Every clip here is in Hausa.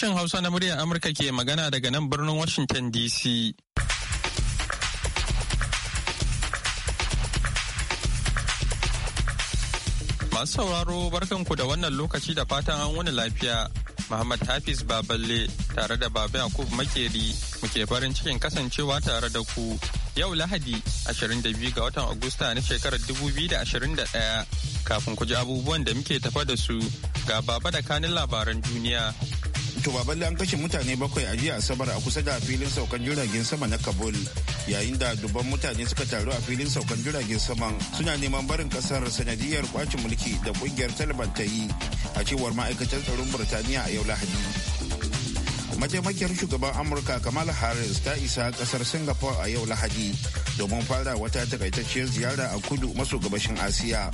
Sashen Hausa na muryar Amurka ke magana daga nan birnin Washington DC. Masu sauraro barkanku da wannan lokaci da fatan an wani lafiya. Muhammad Hafiz Baballe tare da Baba Yakub Makeri muke farin cikin kasancewa tare da ku. Yau Lahadi 22 ga watan Agusta na shekarar 2021 kafin ku ji abubuwan da muke tafa da su ga Baba da kanin labaran duniya. To balle an kashe mutane bakwai a jiya Asabar a kusa da filin saukan jiragen sama na Kabul yayin da dubban mutane suka taru a filin saukan jiragen sama suna neman barin kasar sanadiyar kwacin mulki da kungiyar Taliban ta yi a cewar ma'aikatar tsaron Burtaniya a yau Lahadi. mataimakiyar shugaban amurka kamal harris ta isa kasar singapore a yau lahadi domin fara wata takaitacciyar ziyara a kudu maso gabashin asiya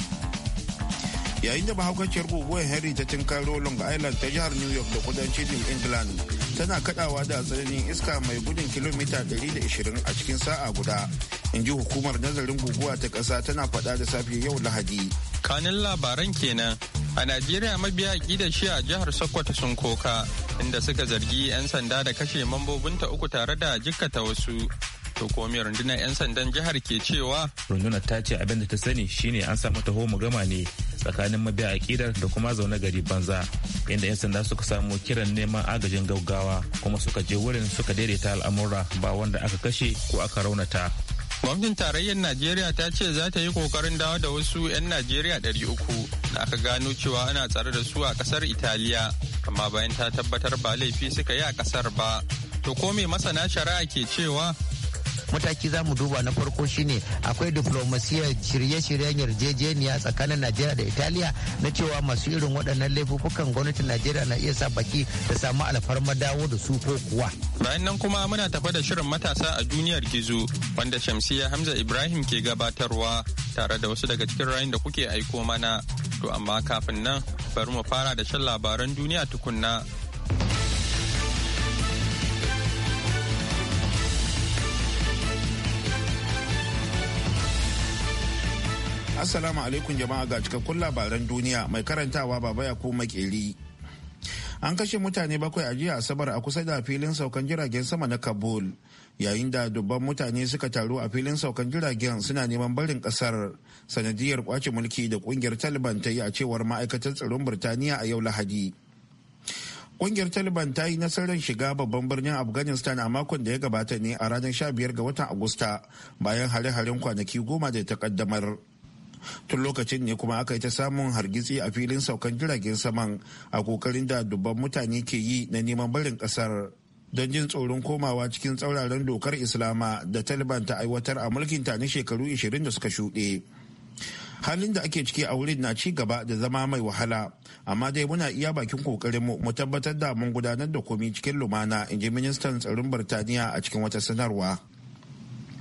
yayin da mahaukaciyar guguwar henry ta tinkaro long island ta jihar new york da kudancin england tana kadawa da tsananin iska mai gudun kilomita 120 a cikin sa'a guda in ji hukumar nazarin guguwa ta kasa tana fada da safe yau lahadi kanin labaran kenan a najeriya mabiya da shi a jihar sokoto sun koka inda suka zargi 'yan sanda da kashe mambobinta uku tare da jikkata wasu to rundunar 'yan sandan jihar ke cewa rundunar ta ce abin da ta sani shine an samu taho mu gama ne tsakanin mabiya akidar da kuma zaune gari banza inda 'yan sanda suka samu kiran neman agajin gaggawa kuma suka je wurin suka daidaita al'amura ba wanda aka kashe ko aka raunata gwamnatin tarayyar najeriya ta ce za ta yi kokarin dawo da wasu 'yan najeriya 300 da aka gano cewa ana tsare da su a kasar italiya amma bayan ta tabbatar ba laifi suka yi a kasar ba to ko me masana shari'a ke cewa mataki za mu duba na farko shine akwai diplomasiyar shirye-shiryen yarjejeniya tsakanin najeriya da italiya na cewa masu irin waɗannan laifukan gwamnatin najeriya na iya sa baki da samu alfarma dawo da su ko kuwa bayan nan kuma muna tafa da shirin matasa a duniyar gizo wanda shamsiya hamza ibrahim ke gabatarwa tare da wasu daga cikin rayun da kuke aiko mana to amma kafin nan bari mu fara da shan labaran duniya tukunna Assalamu alaikum jama'a ga cikakkun labaran duniya mai karantawa baba ya ko makeri. An kashe mutane bakwai a jiya Asabar a kusa da filin saukan jiragen sama na Kabul yayin da dubban mutane suka taru a filin saukan jiragen suna neman barin kasar sanadiyar kwace mulki da kungiyar Taliban ta yi a cewar ma'aikatar tsaron Birtaniya a yau Lahadi. Kungiyar Taliban ta yi nasarar shiga babban birnin Afghanistan a makon da ya gabata ne a ranar 15 ga watan Agusta bayan hare-haren kwanaki goma da ta kaddamar. tun lokacin ne kuma aka yi ta samun hargitsi a filin saukan jiragen saman a kokarin da dubban mutane ke yi na neman barin kasar don jin tsoron komawa cikin tsauraran dokar islama da taliban ta aiwatar a mulkin ta na shekaru 20 da suka shuɗe halin da ake ciki a wurin na ci gaba da zama mai wahala amma dai muna iya bakin kokarin mu mu tabbatar da mun gudanar da komi cikin lumana in ji ministan tsaron birtaniya a cikin wata sanarwa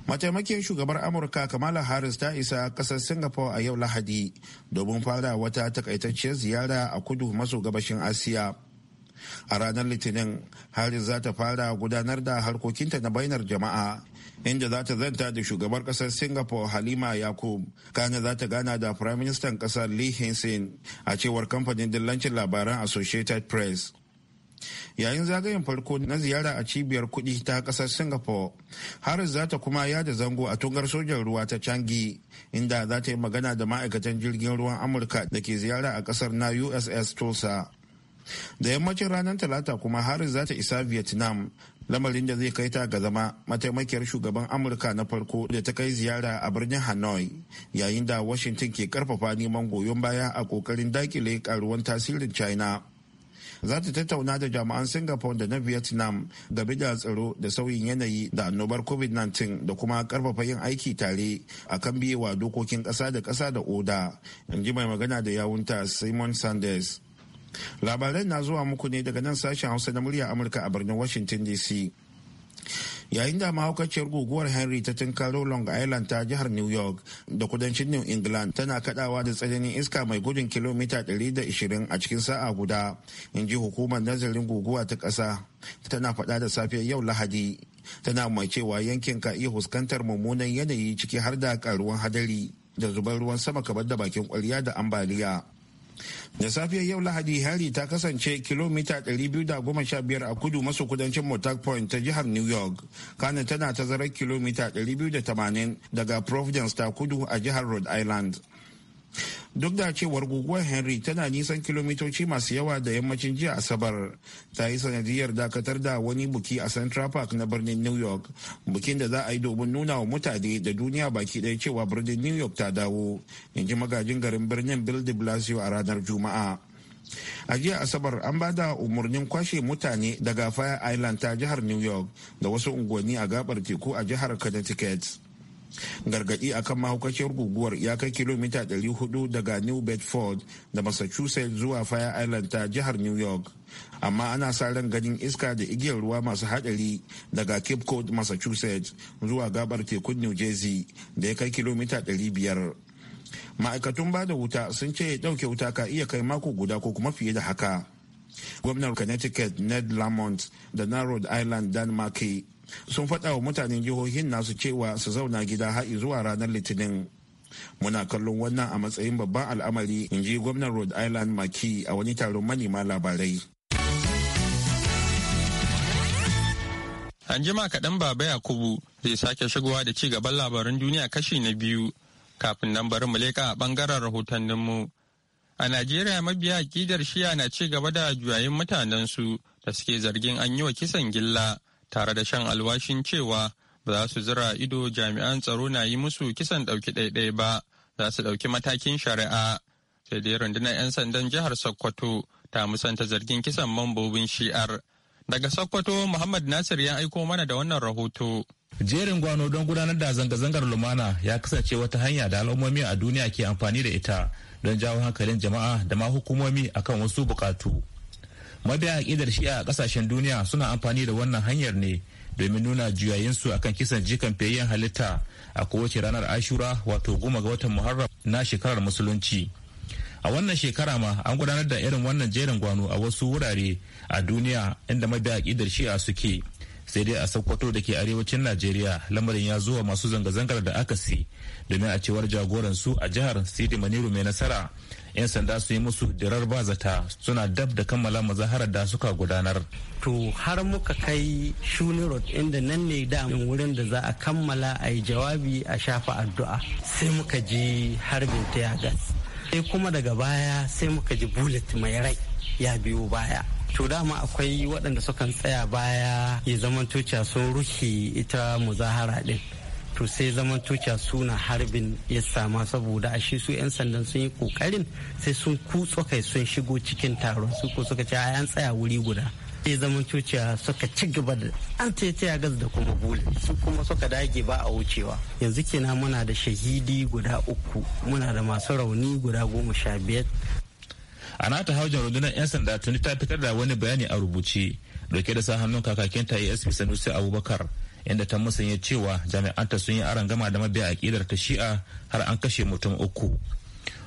mataimakiyar shugabar amurka kamala harris ta isa kasar singapore a yau lahadi domin fara wata takaitacciyar ziyara a kudu maso gabashin asiya a ranar litinin harris za ta fara gudanar da harkokinta na bainar jama'a inda za ta zanta da shugabar kasar singapore halima yakub kana za ta gana da firaministan kasar lee hinsen a cewar kamfanin dillancin labaran associated press yayin zagayen farko na ziyara a cibiyar kudi ta kasar singapore harris za ta kuma yada zango a tungar sojan ruwa ta changi inda za ta yi magana da ma'aikatan jirgin ruwan amurka da ke ziyara a kasar na uss tosa da yammacin ranar talata kuma harris za ta isa vietnam lamarin da zai kai ta ga zama mataimakiyar shugaban amurka na farko da ta kai ziyara a birnin hanoi yayin da washington ke karfafa neman goyon baya a kokarin dakile karuwan tasirin china za ta tattauna da jami'an singapore da na vietnam game da tsaro da sauyin yanayi da annobar covid-19 da kuma karfafa yin aiki tare a kan biyewa dokokin kasa da kasa da oda in ji mai magana da yawunta simon sanders labaran na zuwa muku ne daga nan sashen hausa na murya amurka a birnin washington dc yayin da mahaukaciyar guguwar henry ta tinkaro long island ta jihar new york da kudancin new england tana kadawa da tsananin iska mai gudun kilomita 120 a cikin sa'a guda in ji hukumar nazarin guguwa ta ƙasa tana faɗa da safiyar yau lahadi tana mai cewa yankin ka iya fuskantar mummunan yanayi ciki har da karuwan hadari da zubar ruwan sama kamar da bakin kwarya da ambaliya da safiya yau lahadi hari ta kasance kilomita 215 a kudu maso kudancin motac point ta jihar new york kana tana tazarar kilomita 280 daga providence ta kudu a jihar rhode island duk da cewar guguwar henry tana nisan kilomitoci masu yawa da yammacin jiya asabar ta yi sanadiyar dakatar da wani buki a central park na birnin new york bukin da za a yi domin nuna wa mutane da duniya baki ɗaya cewa birnin new york ta dawo in ji magajin garin birnin bill de blasio a ranar juma'a a jiya asabar an ba da umarnin kwashe mutane daga fire island ta jihar new york da wasu unguwanni a gabar teku a jihar connecticut gargadi akan mahaukaciyar guguwar ya kai kilomita 400 daga new bedford da massachusetts zuwa fire island ta jihar new york amma ana sa ran ganin iska da igiyar ruwa masu hadari daga cape cod massachusetts zuwa gabar tekun new jersey da ya kai kilomita 500 ma'aikatun ba da wuta sun ce ya dauke wuta ka iya kai mako guda ko kuma fiye da haka gwamnan connecticut ned lamont da na rhode island dan sun faɗa wa mutanen jihohin nasu cewa su zauna gida har zuwa ranar litinin muna kallon wannan a matsayin babban al'amari in ji gwamnan rhode island maki a wani taron manema labarai an jima kaɗan baba yakubu zai sake shigowa da ci gaban labaran duniya kashi na biyu kafin nan bari mu leƙa a ɓangaren rahotanninmu a najeriya mabiya akidar shiya na ci gaba da juyayin mutanensu da suke zargin an yi wa kisan gilla tare da shan alwashin cewa ba za su zira ido jami'an tsaro na yi musu kisan ɗauki ɗaiɗai ba za su ɗauki matakin shari'a sai dai rundunar 'yan sandan jihar sokoto ta musanta zargin kisan mambobin shi'ar daga sokoto muhammad nasir ya aiko mana da wannan rahoto jerin gwano don gudanar da zanga-zangar lumana ya kasance wata hanya da al'ummomi a duniya ke amfani da ita don jawo hankalin jama'a da ma hukumomi akan wasu bukatu mabiya idar shi a kasashen duniya suna amfani da wannan hanyar ne domin nuna juyayinsu akan kisan jikan fiyayyen halitta a kowace ranar ashura wato goma ga watan muharram na shekarar musulunci a wannan shekara ma an gudanar da irin wannan jerin gwano a wasu wurare a duniya inda mabiya aƙidar shi'a suke sai dai a sokoto da ke arewacin najeriya lamarin ya zuwa masu zanga-zangar da aka si domin a cewar jagoransu a jihar sidi maniru mai nasara 'yan sanda su yi musu dirar bazata suna dab da kammala mazaharar da suka gudanar to har muka kai shuni road inda nan ne damin wurin da za a kammala a yi jawabi a shafa addu'a sai muka ji harbin gas sai kuma daga baya sai muka ji bullet mai rai ya biyo baya to dama akwai waɗanda sukan tsaya baya ya zaman tuciya sun rushe ita muzahara ɗin to sai zaman tuciya suna harbin ya sama saboda a shi su 'yan sandan sun yi ƙoƙarin. sai sun kutso kai sun shigo cikin taron su ko suka ce an tsaya wuri guda sai zaman tuciya suka ci gaba da an taitaya gas da kuma bule su kuma suka dage ba a wucewa yanzu kenan muna da shahidi guda uku muna da masu rauni guda goma sha biyar a nata haujan rundunar 'yan sanda tuni ta fitar da wani bayani a rubuce dauke da sa hannun kakakin ta asp sanusi abubakar inda ta musanya cewa jami'anta sun yi gama da mabiya aƙidar ta shi'a har an kashe mutum uku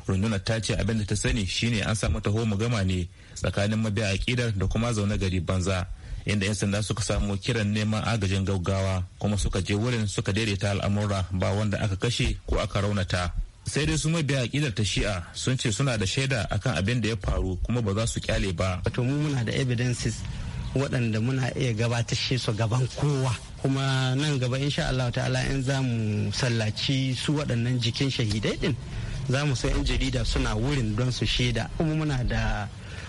rundunar ta ce abin da ta sani shine an samu taho gama ne tsakanin mabiya aƙidar da kuma zaune gari banza inda 'yan sanda suka samu kiran neman agajin gaggawa kuma suka je wurin suka daidaita al'amura ba wanda aka kashe ko aka raunata sai dai su mabiya akidar ta shi'a sun ce suna da shaida akan abin da ya faru kuma ba za su kyale ba wato mu muna da evidences waɗanda muna iya gabatar shi su gaban kowa kuma nan gaba in sha Allah ta'ala in za mu sallaci su waɗannan jikin shahidai din za mu so 'yan jarida suna wurin don su shaida kuma muna da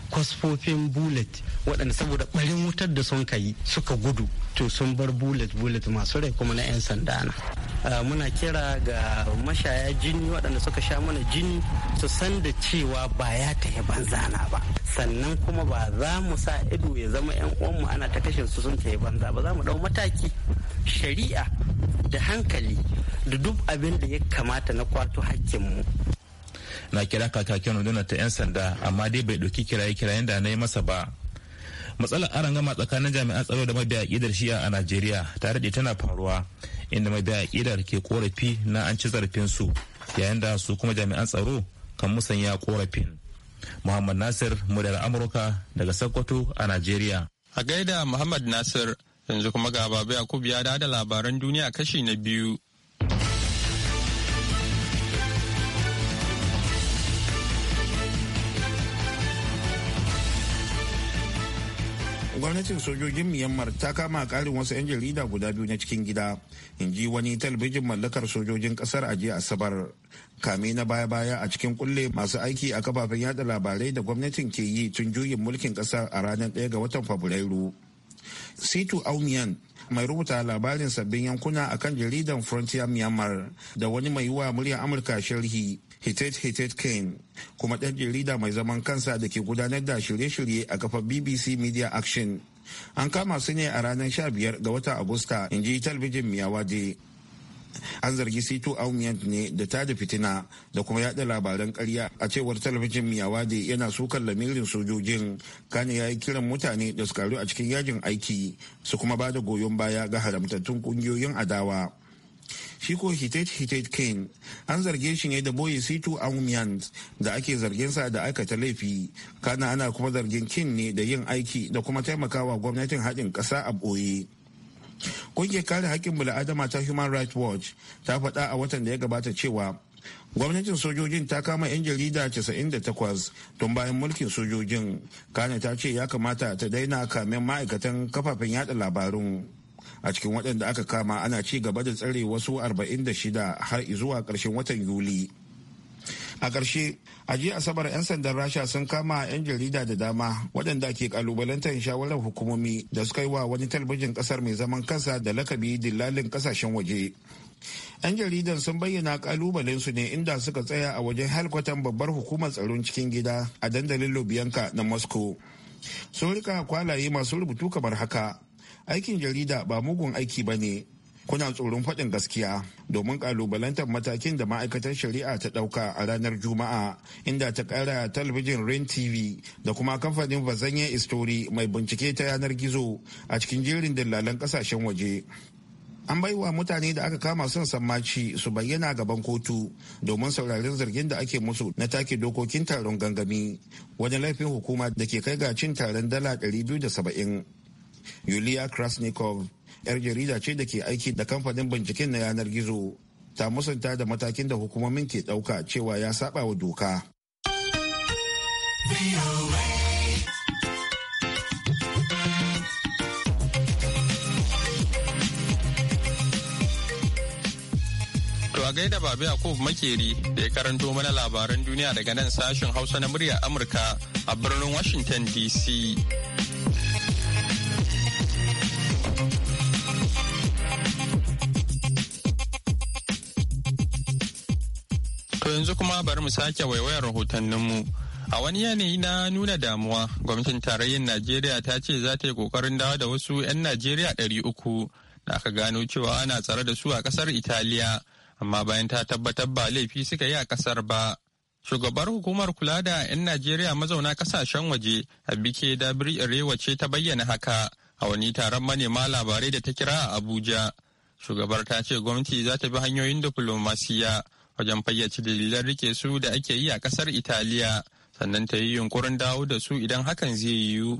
kwasfofin bullet waɗanda saboda ɓarin wutar da sun kayi suka gudu to sun bar bullet bullet masu rai kuma na 'yan sanda na ah, muna kira ga mashaya jini waɗanda suka sha mana jini su san da cewa ba ya ta yi banzana ba sannan kuma ba za mu sa ido ya zama 'yan uwanmu ana ta kashe su sun ta yi banza ba za mu ɗau mataki shari'a da hankali da duk abin da ya kamata na kwato hakkinmu na kira kakakin rundunar ta 'yan sanda amma dai bai ɗauki kiraye-kirayen da na yi masa ba matsalar gama tsakanin jami'an tsaro da mabiya ƙidar shi'a a najeriya tare da tana faruwa inda mabiya ƙidar ke korafi na an ci zarafin su yayin da su kuma jami'an tsaro kan musanya korafin muhammad nasir muryar amurka daga sokoto a najeriya a gaida muhammad nasir yanzu kuma ga babu yakub ya da labaran duniya kashi na biyu gwamnatin sojojin myanmar ta kama karin wasu 'yan jarida guda biyu na cikin gida in ji wani talabijin mallakar sojojin kasar a jiya asabar kame na baya-baya a cikin kulle masu aiki a kafafen yada labarai da gwamnatin ke yi tun juyin mulkin kasar a ranar 1 ga watan fabrairu situ aumian mai rubuta labarin sabbin yankuna akan jaridan frontier myanmar da wani mai yiwa murya amurka sharhi hitet hitet kane kuma ɗan jarida mai zaman kansa da ke gudanar da shirye-shirye a kafar bbc media action an kama su ne a ranar 15 ga watan agusta in ji talbijin miyawade an zargi sito aumiyant ne da ta da fitina da kuma yada labaran karya a cewar talabijin miyawade yana sukar lamirin sojojin kane ya yi kiran mutane da su karu a cikin yajin aiki su kuma ba da goyon baya ga haramtattun kungiyoyin adawa shi ko hitet hitet kane an zarge shi ne da boye situ aumian da ake zargin sa da aikata laifi kana ana kuma zargin kin ne da yin aiki da kuma taimakawa gwamnatin haɗin ƙasa a ɓoye kungiyar kare haƙƙin bil'adama ta human rights watch ta faɗa a watan da ya gabata cewa gwamnatin sojojin ta kama 'yan jarida 98 tun bayan mulkin sojojin kane ta ce ya kamata ta daina kamen ma'aikatan kafafen yada labarun a cikin waɗanda aka kama ana ci gaba da tsare wasu 46 har zuwa ƙarshen watan yuli a ƙarshe a jiya asabar 'yan sandan rasha sun kama 'yan jarida da dama waɗanda ke kalubalantar shawarar hukumomi da suka yi wa wani talbijin ƙasar mai zaman kansa da lakabi dillalin ƙasashen waje 'yan jaridan sun bayyana ƙalubalen su ne inda suka tsaya a wajen halkwatan babbar hukumar tsaron cikin gida a dandalin lubyanka na moscow sun rika kwalaye masu rubutu kamar haka aikin jarida ba mugun aiki ba ne kuna tsoron faɗin gaskiya domin ƙalubalantar matakin da ma'aikatar shari'a ta ɗauka a ranar juma'a inda ta ƙara talabijin rain tv da kuma kamfanin vazanya istori mai bincike ta yanar gizo a cikin jerin dillalan ƙasashen waje an bai wa mutane da aka kama son sammaci su bayyana gaban kotu domin saurarin zargin da ake musu na take dokokin taron gangami wani laifin hukuma da ke kai ga cin taron dala 270 yulia krasnikov yar jarida ce da ke aiki da kamfanin binciken na yanar gizo ta musanta da matakin da hukumomin ke ɗauka cewa ya saba wa doka a gaida babu yakub makeri da ya karanto mana labaran duniya daga nan sashen hausa na murya amurka a birnin washington dc To yanzu kuma bari mu sake waiwayar rahotanninmu. A wani yanayi na nuna damuwa, gwamnatin tarayyar Najeriya ta ce za ta yi kokarin dawo da wasu 'yan Najeriya ɗari uku da aka gano cewa ana tsare da su a ƙasar Italiya, amma bayan ta tabbatar ba laifi suka yi a ƙasar ba. Shugabar hukumar kula da 'yan Najeriya mazauna ƙasashen waje, Abike Dabiri Irewa ce ta bayyana haka a wani taron manema labarai da ta kira a Abuja. Shugabar ta ce gwamnati za ta bi hanyoyin diflomasiya. wajen fayyace dalilan rike su da ake yi a kasar Italiya sannan ta yi yunkurin dawo da su idan hakan zai yiwu.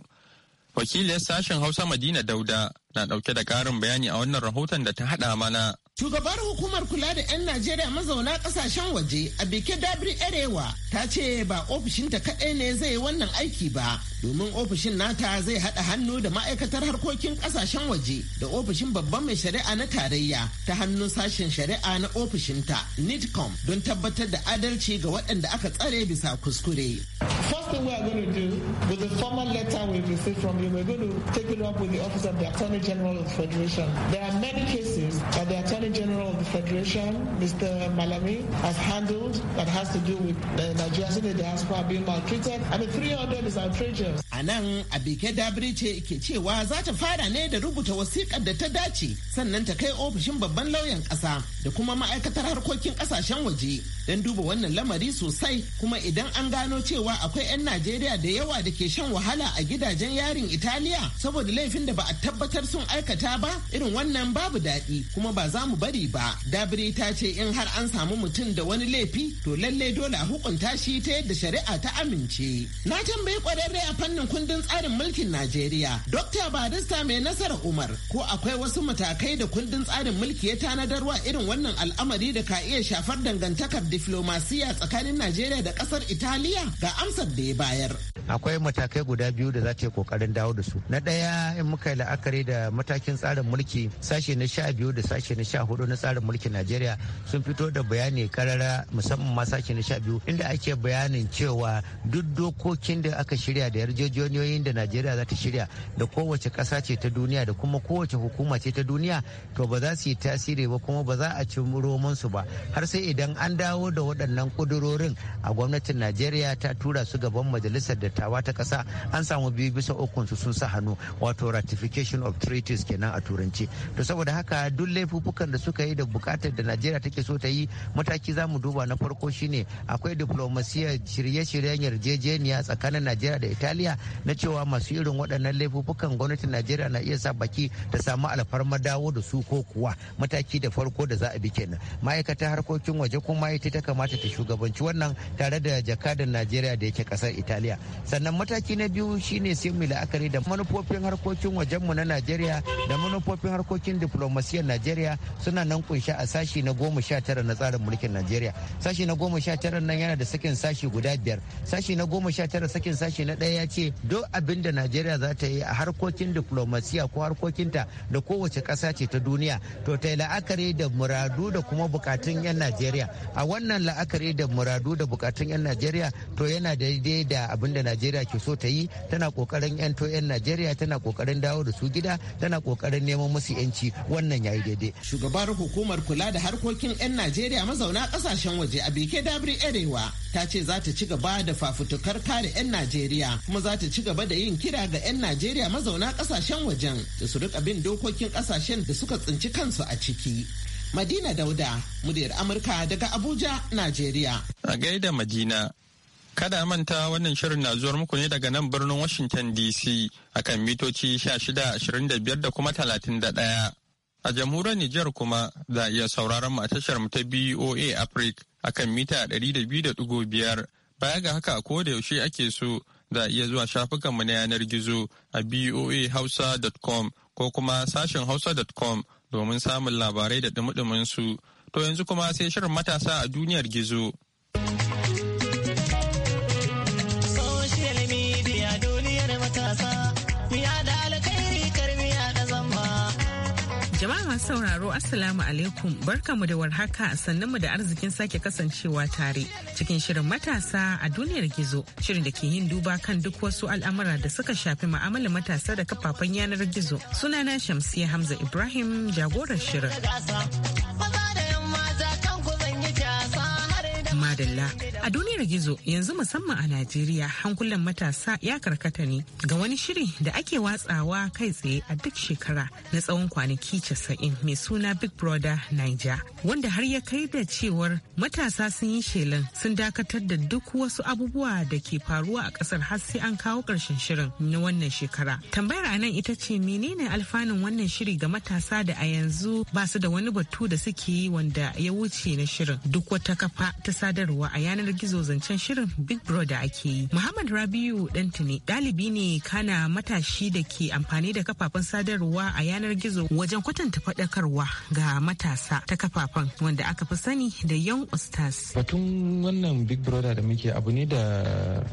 Wakiliyar sashen Hausa Madina Dauda na ɗauke da ƙarin bayani a wannan rahoton da ta haɗa mana. Shugabar hukumar kula da 'yan Najeriya mazauna kasashen waje a bike Dabri Arewa ta ce ba ofishinta kaɗai ne zai wannan aiki ba domin ofishin nata zai haɗa hannu da ma'aikatar harkokin kasashen waje da ofishin babban mai shari'a na tarayya ta hannun sashen shari'a na ofishinta NITCOM don tabbatar da adalci ga waɗanda aka tsare bisa kuskure. First thing we are going to do with the formal letter we received from you, we're going to take it up with the Office of the Attorney General of the Federation. There are many cases that the Attorney Secretary General of the Federation, Mr. Malami, has handled that has to do with the uh, Nigerians in the diaspora being maltreated. 300 is outrageous. A nan Abike Dabiri ce ke cewa za ta fara ne da rubuta wasiƙar da ta dace sannan ta kai ofishin babban lauyan ƙasa da kuma ma'aikatar harkokin ƙasashen waje don duba wannan lamari sosai kuma idan an gano cewa akwai 'yan Najeriya da yawa da ke shan wahala a gidajen yarin Italiya saboda laifin da ba a tabbatar sun aikata ba irin wannan babu daɗi kuma ba za mu bari ba dabiri ta ce in har an samu mutum da wani laifi to lalle dole a hukunta shi ta yadda shari'a ta amince na tambayi kwararre a fannin kundin tsarin mulkin najeriya dokta barista mai nasara umar ko akwai wasu matakai da kundin tsarin mulki ya tanadarwa irin wannan al'amari da ka iya shafar dangantakar diflomasiya tsakanin najeriya da ƙasar italiya ga amsar da ya bayar akwai matakai guda biyu da za ta yi kokarin dawo da su na ɗaya in muka yi la'akari da matakin tsarin mulki sashe na sha biyu da sashe na sha hudu na tsarin mulkin najeriya sun fito da bayani karara musamman ma sashe na sha biyu inda ake bayanin cewa duk dokokin da aka shirya da yarjejeniyoyin da najeriya za ta shirya da kowace ƙasa ce ta duniya da kuma kowace hukuma ce ta duniya to ba za su yi tasiri ba kuma ba za a ci romansu ba har sai idan an dawo da waɗannan ƙudurorin a gwamnatin najeriya ta tura su gaban majalisar da dattawa ta ƙasa an samu biyu bisa ukun su sun sa hannu wato ratification of treaties kenan a turanci to saboda haka duk laifukan da suka yi da bukatar da najeriya take so ta yi mataki za mu duba na farko shine akwai diplomasiyar shirye-shiryen yarjejeniya tsakanin najeriya da italiya na cewa masu irin waɗannan laifukan gwamnatin najeriya na iya sa baki ta samu alfarma dawo da su ko kuwa mataki da farko da za a bi kenan ma'aikata harkokin waje kuma ita ta kamata ta shugabanci wannan tare da jakadan najeriya da yake ƙasar italiya sannan mataki na biyu shine sai mu la'akari da manufofin harkokin wajenmu na najeriya da manufofin harkokin diplomasiyyar najeriya suna nan kunshi a sashi na goma sha tara na tsarin mulkin najeriya sashi na goma sha tara nan yana da sakin sashi guda biyar sashi na goma sha tara sakin sashi na ɗaya ya ce duk abin da najeriya za ta yi a harkokin diplomasiyya ko harkokinta da kowace ƙasa ce ta duniya to ta yi la'akari da muradu da kuma bukatun 'yan najeriya a wannan la'akari da muradu da bukatun 'yan najeriya to yana daidai da abin da najeriya ke so ta yi tana kokarin yanto yan najeriya tana kokarin dawo da su gida tana kokarin neman musu yanci wannan yayi daidai shugabar hukumar kula da harkokin yan najeriya mazauna kasashen waje a bike dabri arewa ta ce za ta ci gaba da fafutukar kare yan najeriya kuma za ta ci gaba da yin kira ga yan najeriya mazauna kasashen wajen da su rika bin dokokin kasashen da suka tsinci kansu a ciki Madina Dauda, muryar Amurka daga Abuja, Najeriya. A gaida Madina, Kada manta wannan shirin na zuwar muku ne daga nan birnin Washington DC a kan mitoci 1625 da kuma 31. A jamhuriyar Nijar kuma za a iya sauraron mu a tashar mu ta BOA Africa a kan mita 200.5 baya ga haka ko da yaushe ake so za a iya zuwa shafukanmu na yanar gizo a boahausa.com ko kuma sashen hausa.com domin samun labarai da dumudumin su. To yanzu kuma sai shirin matasa a duniyar gizo. jama'a sauraro Assalamu alaikum barkamu da warhaka sannan mu da arzikin sake kasancewa tare cikin shirin matasa a duniyar gizo shirin da ke yin duba kan duk wasu al'amura da suka shafi ma'amalar matasa da kafafen yanar gizo sunana Shamsiya Hamza Ibrahim jagorar shirin. Madalla A duniyar gizo yanzu musamman a Najeriya hankulan matasa ya karkata ne ga wani shiri da ake watsawa kai tsaye a duk shekara na tsawon kwanaki casa'in mai suna Big Brother Niger wanda har ya kai da cewar matasa sun yi shelan sun dakatar da duk wasu abubuwa da ke faruwa a kasar har sai an kawo karshen shirin na wannan shekara. Tambayar a nan ita ce menene alfanun wannan shiri ga matasa da a yanzu ba su da wani batu da suke yi wanda ya wuce na shirin duk wata kafa ta sadarwa a yanar gizo zancen shirin Big Brother ake yi. Muhammad Rabiu Dantini dalibi ne kana matashi da ke amfani da kafafen sadarwa a yanar gizo wajen kwatanta faɗakarwa ga matasa ta kafafen wanda aka fi sani da young Stars. Batun wannan Big Brother da muke abu ne da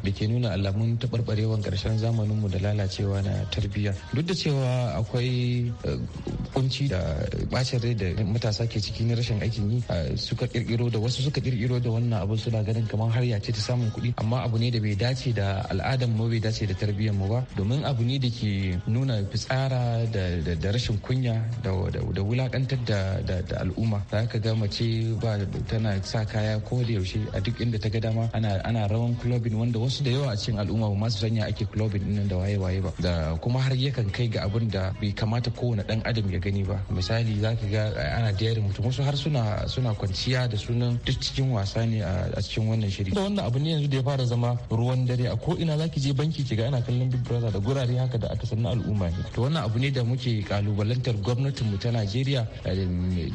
da ke nuna alamun taɓarɓarewan ƙarshen zamaninmu da lalacewa na tarbiyya. Duk da cewa akwai eh, kunci da bacin rai da matasa ke ciki na rashin aikin yi eh, suka kirkiro da wasu suka kirkiro da wannan abu suna ganin kamar har ya ce ta samun kuɗi amma abu ne da bai dace da al'adar mu bai dace da tarbiyyar mu ba domin abu ne da ke nuna fitsara da rashin kunya da wulakantar da al'umma za ka ga mace ba tana sa kaya ko da yaushe a duk inda ta ga dama ana rawan clubin wanda wasu da yawa a cikin al'umma ba masu sanya ake clubin din da waye-waye ba da kuma har yakan kai ga abin da bai kamata kowane dan adam ya gani ba misali za ka ga ana da mutum wasu har suna kwanciya da sunan duk cikin wasa ne a cikin wannan shiri da wannan abu ne yanzu da ya fara zama ruwan dare a ko ina zaki je banki kiga ana kallon big brother da gurare haka da aka sanna al'umma ne to wannan abu ne da muke kalubalantar gwamnatin mu ta Najeriya eh,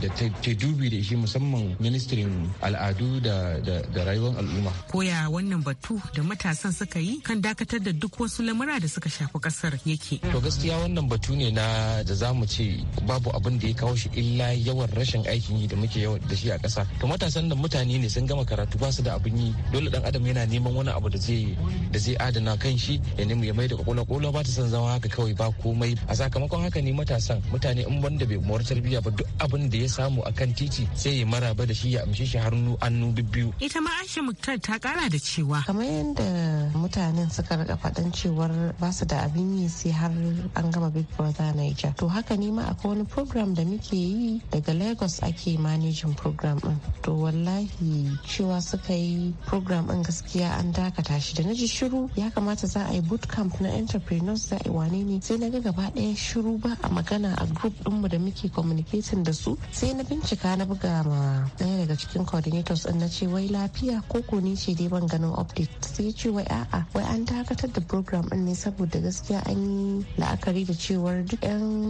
da ta dubi da shi musamman ministrin al'adu da da rayuwar al'umma koya wannan batu da matasan suka yi kan dakatar da duk wasu lamura da suka shafi kasar yake to gaskiya wannan batu ne na da zamu ce babu abin da ya kawo shi illa yawan rashin aikin yi da muke yawan da shi a kasa to matasan da mutane ne sun gama karatu ba su da abin abin yi dole dan adam yana neman wani abu da zai da zai adana kan shi ya nemi ya mai da kokola ba ta son zama haka kawai ba komai a sakamakon haka ne matasan mutane in wanda bai mawar tarbiyya ba duk abin da ya samu akan titi sai ya maraba da shi ya amshe shi hannu hannu bibbiyu ita ma Aisha Muktar ta kara da cewa kamar yadda mutanen suka rika faɗan cewar ba su da abin yi sai har an gama Big Brother Niger to haka ne ma akwai wani program da muke yi daga Lagos ake managing program din to wallahi cewa suka yi program ɗin gaskiya an dakata shi da na ji shiru ya kamata za a yi boot camp na entrepreneurs za a yi wane ne sai na ga gaba ɗaya shiru ba a magana a group ɗinmu da muke communicating da su sai na bincika na buga ma ɗaya daga cikin coordinators ɗin na ce wai lafiya ko ko ni ce dai ban ganin update sai ce wai a'a wai an dakatar da program ɗin ne saboda gaskiya an yi la'akari da cewar duk 'yan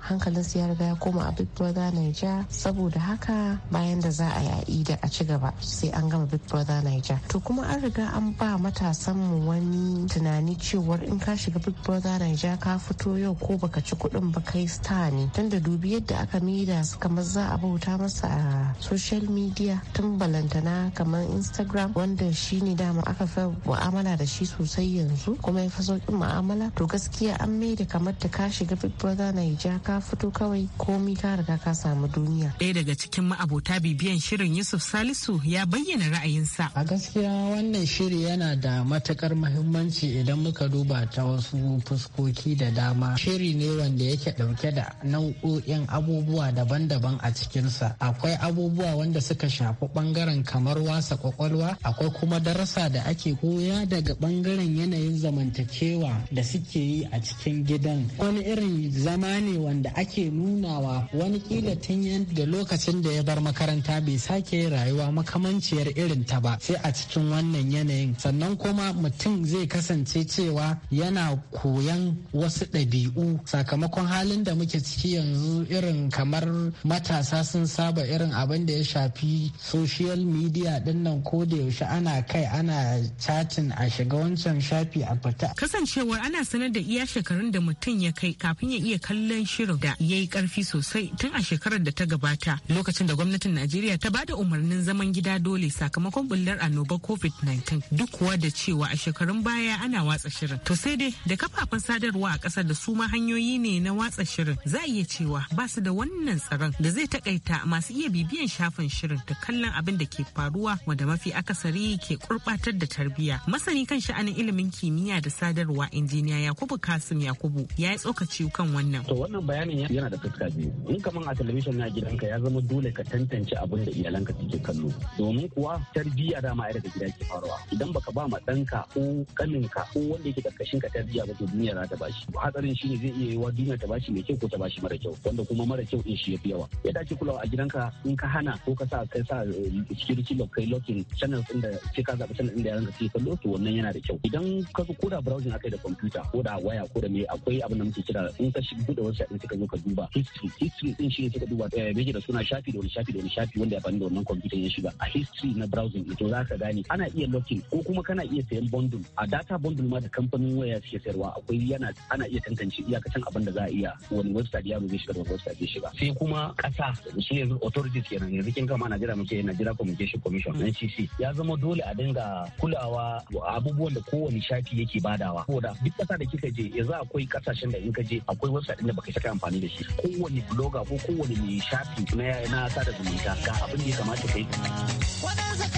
hankalin su ya riga ya koma a Big Brother Niger saboda haka bayan da za a yi a a ci gaba sai an gama Big big brother niger to kuma an riga an ba matasan mu wani tunani cewar in ka shiga big brother niger ka fito yau ko baka ci kuɗin ba kai star ne tunda dubi yadda aka maida su kamar za a bauta masa a social media tun balantana kamar instagram wanda shi ne dama aka fi mu'amala da shi sosai yanzu kuma ya fi sauƙin mu'amala to gaskiya an maida kamar da ka shiga big brother niger ka fito kawai komi ka riga ka samu duniya ɗaya daga cikin ma'abota bibiyan shirin yusuf salisu ya bayyana ra'ayi ra'ayinsa. A gaskiya wannan shiri yana da matakar muhimmanci idan muka duba ta wasu fuskoki da dama. Shiri ne wanda yake ɗauke da nau'o'in abubuwa daban-daban a cikinsa. Akwai abubuwa wanda suka shafi ɓangaren kamar wasa kwakwalwa, akwai kuma darasa da ake koya daga ɓangaren yanayin zamantakewa da suke yi a cikin gidan. Wani irin zama ne wanda ake nunawa wani kila tun da lokacin da ya bar makaranta bai sake rayuwa makamanciyar irin inganta ba sai a cikin wannan yanayin sannan kuma mutum zai kasance cewa yana koyan wasu ɗabi'u sakamakon halin da muke ciki yanzu irin kamar matasa sun saba irin abin da ya shafi social media dinnan ko da yaushe ana kai ana chatin a shiga wancan shafi a fita kasancewar ana sanar da iya shekarun da mutum ya kai kafin ya iya kallon shirin da ya yi karfi sosai tun a shekarar da ta gabata lokacin da gwamnatin najeriya ta bada umarnin zaman gida dole sakamakon sakamakon bullar annoba covid-19 duk kuwa da cewa a shekarun baya ana watsa shirin to sai dai da kafafen sadarwa a kasar da su ma hanyoyi ne na watsa shirin za a iya cewa ba su da wannan tsaron da zai takaita masu iya bibiyan shafin shirin da kallon abin da ke faruwa wanda mafi akasari ke kurbatar da tarbiyya masani kan sha'anin ilimin kimiyya da sadarwa injiniya yakubu kasim yakubu ya yi tsokaci kan wannan to wannan bayanin yana da fuska biyu in kaman a talabijin na gidanka ya zama dole ka tantance abin da iyalanka suke kallo domin kuwa tarbiyya dama ma da gida ke faruwa idan baka ba ma ɗanka ko ka ko wanda yake karkashin ka tarbiyya ba to duniya za ta bashi hatsarin shine zai iya yiwa duniya ta bashi mai kyau ko ta bashi mara kyau wanda kuma mara kyau din shi yafi yawa ya dace kulawa a gidanka in ka hana ko ka sa kai sa eh, security lock kai locking channels din da sai ka zaɓi channel din da yaranka sai kallo to wannan yana da kyau idan ka ko da browsing akai da computer ko da waya ko da me akwai abin da muke kira in ka shiga da wasu sai ka zo ka duba history history din shi ne sai ka duba eh, me da suna shafi da wani shafi da wani shafi wanda ya fani da wannan computer ya shiga a history na browsing to za ka gane ana iya locking ko kuma kana iya sayan bundle a data bundle ma da kamfanin waya suke sayarwa akwai yana ana iya tantance iyakacin abin da za a iya wani website yaro zai shiga wani website zai shiga sai kuma kasa su yanzu authorities kenan yanzu kin gama Najeriya muke Najeriya Communication Commission NCC ya zama dole a dinga kulawa abubuwan da kowane shafi yake badawa saboda duk kasa da kika je yanzu akwai kasashen da in ka je akwai website din da baka saka amfani da shi kowane blogger ko kowane mai shafi na na sada zumunta ga abin da ya kamata kai.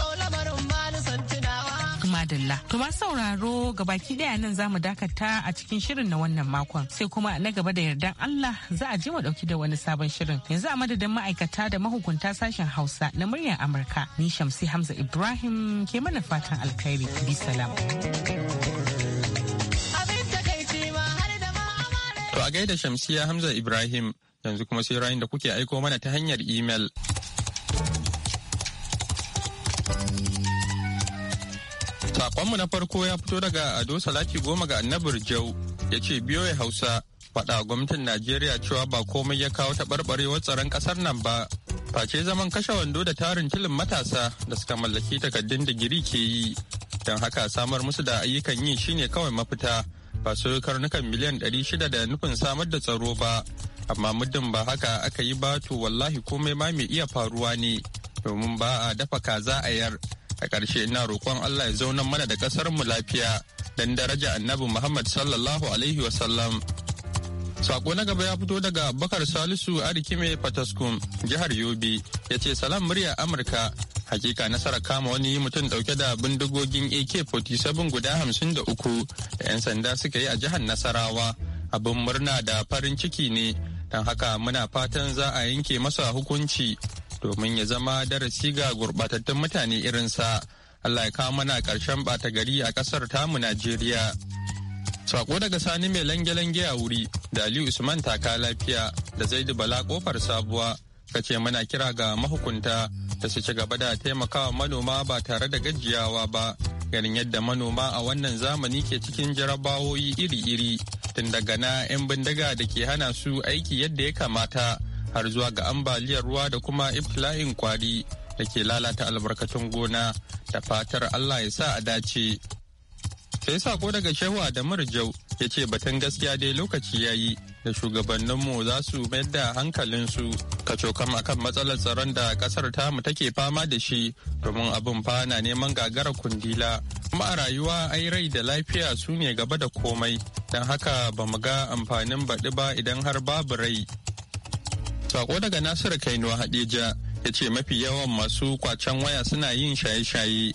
Madalla. To ma sauraro ga baki daya nan za mu dakata a cikin shirin na wannan makon. Sai kuma na gaba da yardan Allah za a je mu dauki da wani sabon shirin. Yanzu a madadin ma'aikata da mahukunta sashen Hausa na muryar Amurka. Ni Shamsi Hamza Ibrahim ke mana fatan alkhairi. Bi salam. To a gaida Shamsiya Hamza Ibrahim yanzu kuma sai ra'ayin da kuke aiko mana ta hanyar imel. Sakonmu na farko ya fito daga Ado Salati Goma ga Annabur Jau ya ce biyo ya Hausa faɗa gwamnatin Najeriya cewa ba komai ya kawo taɓarɓarewar tsaron ƙasar nan ba. Face zaman kashe wando da tarin tilin matasa da suka mallaki takardun digiri ke yi. Don haka samar musu da ayyukan yi shine kawai mafita ba su karnukan miliyan ɗari shida da nufin samar da tsaro ba. Amma muddin ba haka aka yi ba to wallahi komai ma mai iya faruwa ne domin ba a dafa kaza a yar. a ƙarshe ina roƙon Allah ya zauna mana da ƙasar mu lafiya dan daraja annabi Muhammad sallallahu alaihi wasallam Sako na gaba ya fito daga Bakar Salisu Arikime Fataskum, jihar Yobe, ya ce salam murya Amurka. Hakika nasara kama wani mutum dauke da bindigogin AK-47 guda hamsin da uku da 'yan sanda suka yi a jihar Nasarawa. Abin murna da farin ciki ne, don haka muna fatan za a yanke masa hukunci domin ya zama darasi ga gurbatattun mutane irinsa allah ya kawo mana ƙarshen ɓata gari a ƙasar tamu najeriya Sako daga Sani mai lange-lange a wuri da Aliyu Usman taka lafiya da Zaidu Bala kofar sabuwa kace mana kira ga mahukunta da su ci gaba da taimakawa manoma ba tare da gajiyawa ba ganin yadda manoma a wannan zamani ke cikin jarabawoyi iri-iri tun daga na 'yan bindiga da ke hana su aiki yadda ya kamata har zuwa ga ambaliyar ruwa da kuma iftila'in kwari da ke lalata albarkatun gona da fatar Allah ya sa a dace. Sai sako daga Shehu da Murjau ya ce batun gaskiya dai lokaci ya yi da shugabanninmu za su mayar da hankalinsu kam akan matsalar tsaron da kasar tamu take fama da shi domin abin fana neman gagara kundila kuma a rayuwa ai rai da lafiya su ne gaba da komai don haka ba mu ga amfanin baɗi ba idan har babu rai Sako daga Nasiru Kainuwa hadija ya ce mafi yawan masu kwacen waya suna yin shaye-shaye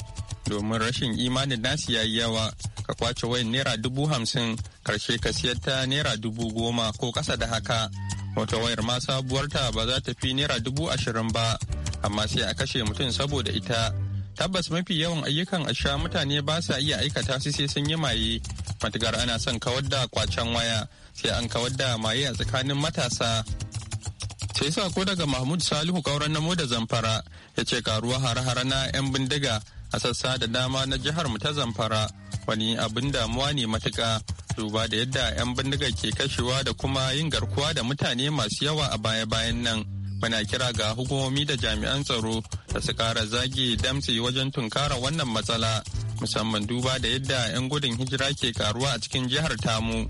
domin rashin imanin nasu yayi yawa ka kwace wayan naira dubu hamsin karshe ka siyar ta naira dubu goma ko kasa da haka wata wayar ma sabuwarta ba za ta fi naira dubu ashirin ba amma sai a kashe mutum saboda ita tabbas mafi yawan ayyukan a sha mutane ba sa iya aikata su sai sun yi maye matukar ana son kawar da kwacen waya sai an kawar da maye a tsakanin matasa sai sako daga mahmud salihu kauran namo da zamfara ya ce karuwa hare-hare na 'yan bindiga a sassa da dama na jihar mu ta zamfara wani abin damuwa ne matuka duba da yadda 'yan bindiga ke kashewa da kuma yin garkuwa da mutane masu yawa a baya-bayan nan muna kira ga hukumomi da jami'an tsaro da su kara zagi damsi wajen tunkara wannan matsala musamman duba da yadda 'yan gudun hijira ke karuwa a cikin jihar tamu.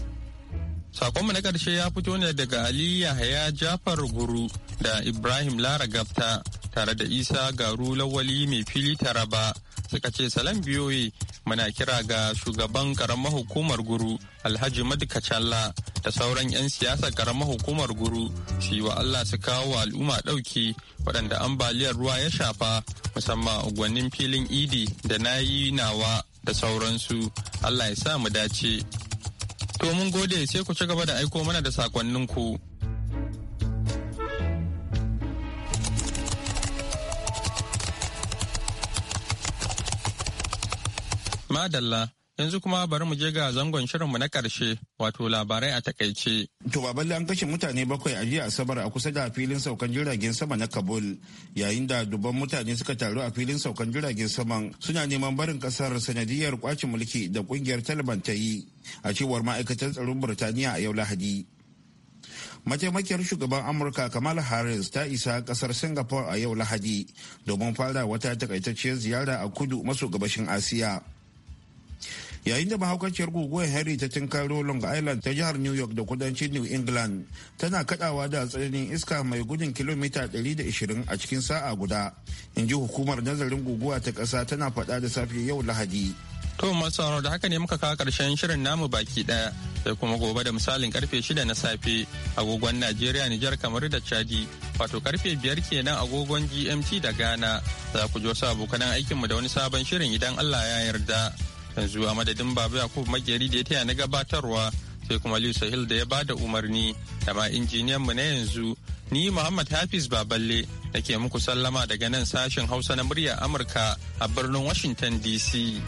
Sakonmu na ƙarshe ya fito ne daga Ali Yahaya Jafar Guru da Ibrahim Lara Gafta tare da Isa Garu Lawali mai fili Taraba suka ce salam biyoyi muna kira ga shugaban karamar hukumar guru Alhaji Madu da sauran 'yan siyasar karamar hukumar guru su yi wa Allah su kawo al'umma ɗauki waɗanda ambaliyar ruwa ya shafa musamman unguwannin filin idi da na yi nawa da sauransu Allah ya sa mu dace. To mun gode sai ku ci gaba da aiko mana da sakonninku. Madalla. Yanzu kuma bari mu je ga zangon shirinmu na karshe wato labarai a takaice. To baballe an kashe mutane bakwai a jiya Asabar a kusa da filin saukan jiragen sama na Kabul yayin da dubban mutane suka taru a filin saukan jiragen sama suna neman barin kasar sanadiyar kwacin mulki da kungiyar Taliban ta yi a cewar ma'aikatan tsaron Burtaniya a yau Lahadi. mataimakiyar shugaban amurka kamala harris ta isa kasar singapore a yau lahadi domin fara wata takaitacciyar ziyara a kudu maso gabashin asiya yayin da mahaukaciyar guguwar harry ta tinkaro long island ta jihar new york da kudancin new england tana kadawa da tsananin iska mai gudun kilomita 120 a cikin sa'a guda in ji hukumar nazarin guguwa ta kasa tana fada da safe yau lahadi to masu tsaro da haka ne muka kawo karshen shirin namu baki ɗaya sai kuma gobe da misalin karfe 6 na safe agogon najeriya nijar kamar da chadi wato karfe 5 kenan agogon gmt da ghana za ku ji wasu abokanan aikinmu da wani sabon shirin idan allah ya yarda yanzu a madadin baba yakub makeri da ya taya na gabatarwa sai kuma liu sahil da ya ba da umarni da ma injiniyan mu na yanzu ni muhammad hafiz baballe da ke muku sallama daga nan sashen hausa na murya amurka a birnin washington dc